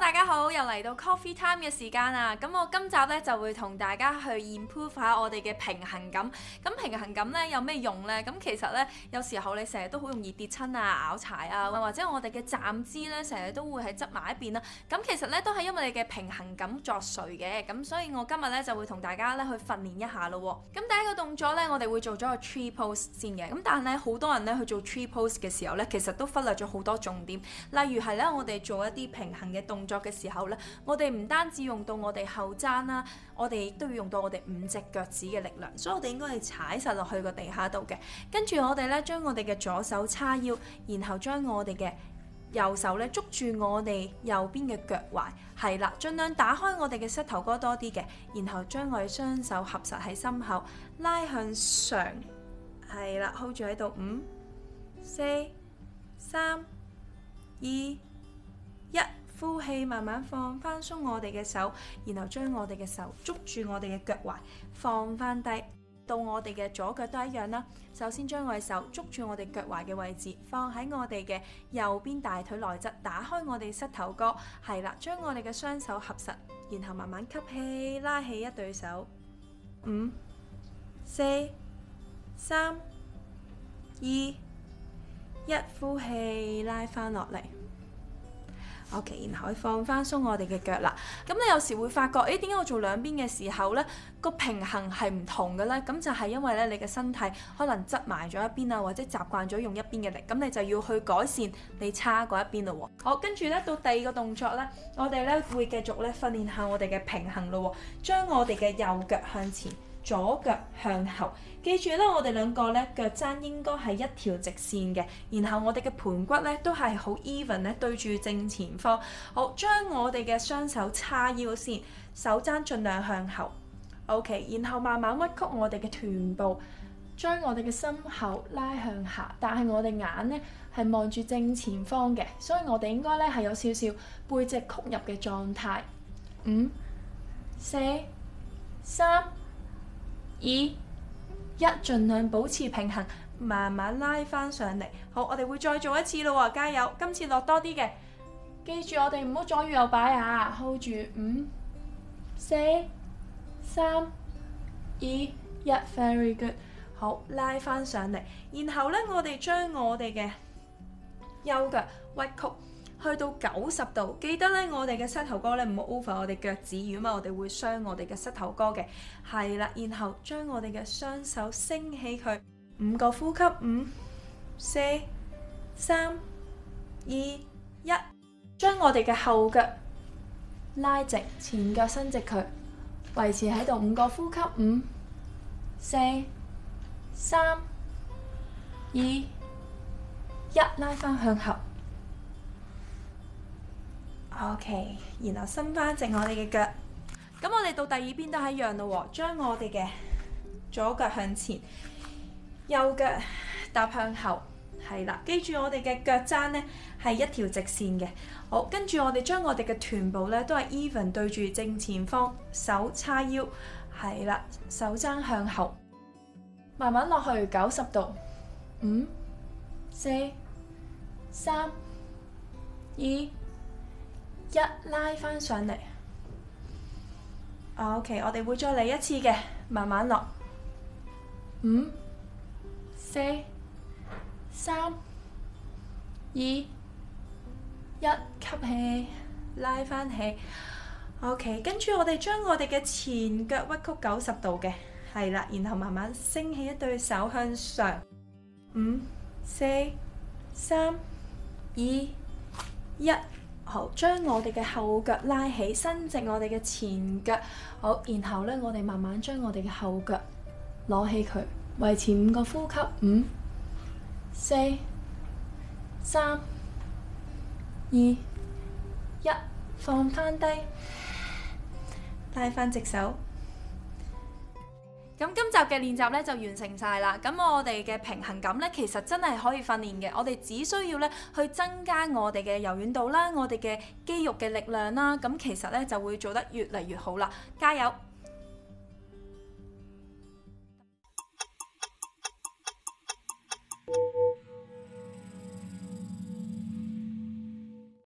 大家好，又嚟到 coffee time 嘅時間啦，咁我今集咧就會同大家去 improve 下我哋嘅平衡感。咁平衡感咧有咩用咧？咁其實咧，有時候你成日都好容易跌親啊、拗柴啊，或者我哋嘅站姿咧成日都會係執埋一邊啦。咁其實咧都係因為你嘅平衡感作祟嘅，咁所以我今日咧就會同大家咧去訓練一下咯。咁第一個動作咧，我哋會做咗個 tree pose 先嘅。咁但係咧好多人咧去做 tree pose 嘅時候咧，其實都忽略咗好多重點，例如係咧我哋做一啲平衡嘅動作。做嘅時候咧，我哋唔單止用到我哋後踭啦，我哋亦都要用到我哋五隻腳趾嘅力量，所以我哋應該係踩實落去個地下度嘅。跟住我哋咧，將我哋嘅左手叉腰，然後將我哋嘅右手咧捉住我哋右邊嘅腳踝，係啦，盡量打開我哋嘅膝頭哥多啲嘅，然後將我哋雙手合實喺心口，拉向上，係啦，hold 住喺度，五、四、三、二。呼氣，慢慢放鬆，翻鬆我哋嘅手，然後將我哋嘅手捉住我哋嘅腳踝，放翻低，到我哋嘅左腳都一樣啦。首先將我嘅手捉住我哋腳踝嘅位置，放喺我哋嘅右邊大腿內側，打開我哋膝頭哥。係啦，將我哋嘅雙手合實，然後慢慢吸氣，拉起一對手，五、四、三、二、一，呼氣，拉翻落嚟。OK，然後去放翻鬆我哋嘅腳啦。咁你有時會發覺，誒點解我做兩邊嘅時候呢個平衡係唔同嘅呢？咁就係因為咧，你嘅身體可能側埋咗一邊啊，或者習慣咗用一邊嘅力，咁你就要去改善你差嗰一邊咯。好，跟住呢，到第二個動作呢，我哋呢會繼續呢訓練下我哋嘅平衡咯。將我哋嘅右腳向前。左腳向後，記住咧，我哋兩個咧腳踭應該係一條直線嘅。然後我哋嘅盆骨咧都係好 even 咧對住正前方。好，將我哋嘅雙手叉腰先，手踭盡量向後。OK，然後慢慢屈曲我哋嘅臀部，將我哋嘅心口拉向下，但係我哋眼咧係望住正前方嘅，所以我哋應該咧係有少少背脊曲入嘅狀態。五、四、三。二一，盡量保持平衡，慢慢拉翻上嚟。好，我哋會再做一次咯，加油！今次落多啲嘅，記住我哋唔好左右擺啊！hold 住，五四三二一，very good，好，拉翻上嚟。然後呢，我哋將我哋嘅右腳屈曲。去到九十度，記得咧，我哋嘅膝頭哥咧唔好 over 我哋腳趾，如果我哋會傷我哋嘅膝頭哥嘅，係啦。然後將我哋嘅雙手升起佢，五個呼吸，五四三二一，將我哋嘅後腳拉直，前腳伸直佢，維持喺度五個呼吸，五四三二一，拉翻向後。OK，然後伸翻正我哋嘅腳。咁我哋到第二邊都係一樣咯喎，將我哋嘅左腳向前，右腳踏向後。係啦，記住我哋嘅腳踭呢係一條直線嘅。好，跟住我哋將我哋嘅臀部呢都係 even 對住正前方，手叉腰。係啦，手踭向後，慢慢落去九十度。五、四、三、二。一拉翻上嚟，OK，我哋會再嚟一次嘅，慢慢落五、四、三、二、一吸氣，拉翻起，OK，跟住我哋將我哋嘅前腳屈曲九十度嘅，係啦，然後慢慢升起一對手向上，五、四、三、二、一。好，將我哋嘅後腳拉起，伸直我哋嘅前腳，好，然後呢，我哋慢慢將我哋嘅後腳攞起佢，維持五個呼吸，五、四、三、二、一，放翻低，帶翻隻手。咁今集嘅練習咧就完成晒啦，咁我哋嘅平衡感咧其實真係可以訓練嘅，我哋只需要咧去增加我哋嘅柔軟度啦，我哋嘅肌肉嘅力量啦，咁其實咧就會做得越嚟越好啦，加油！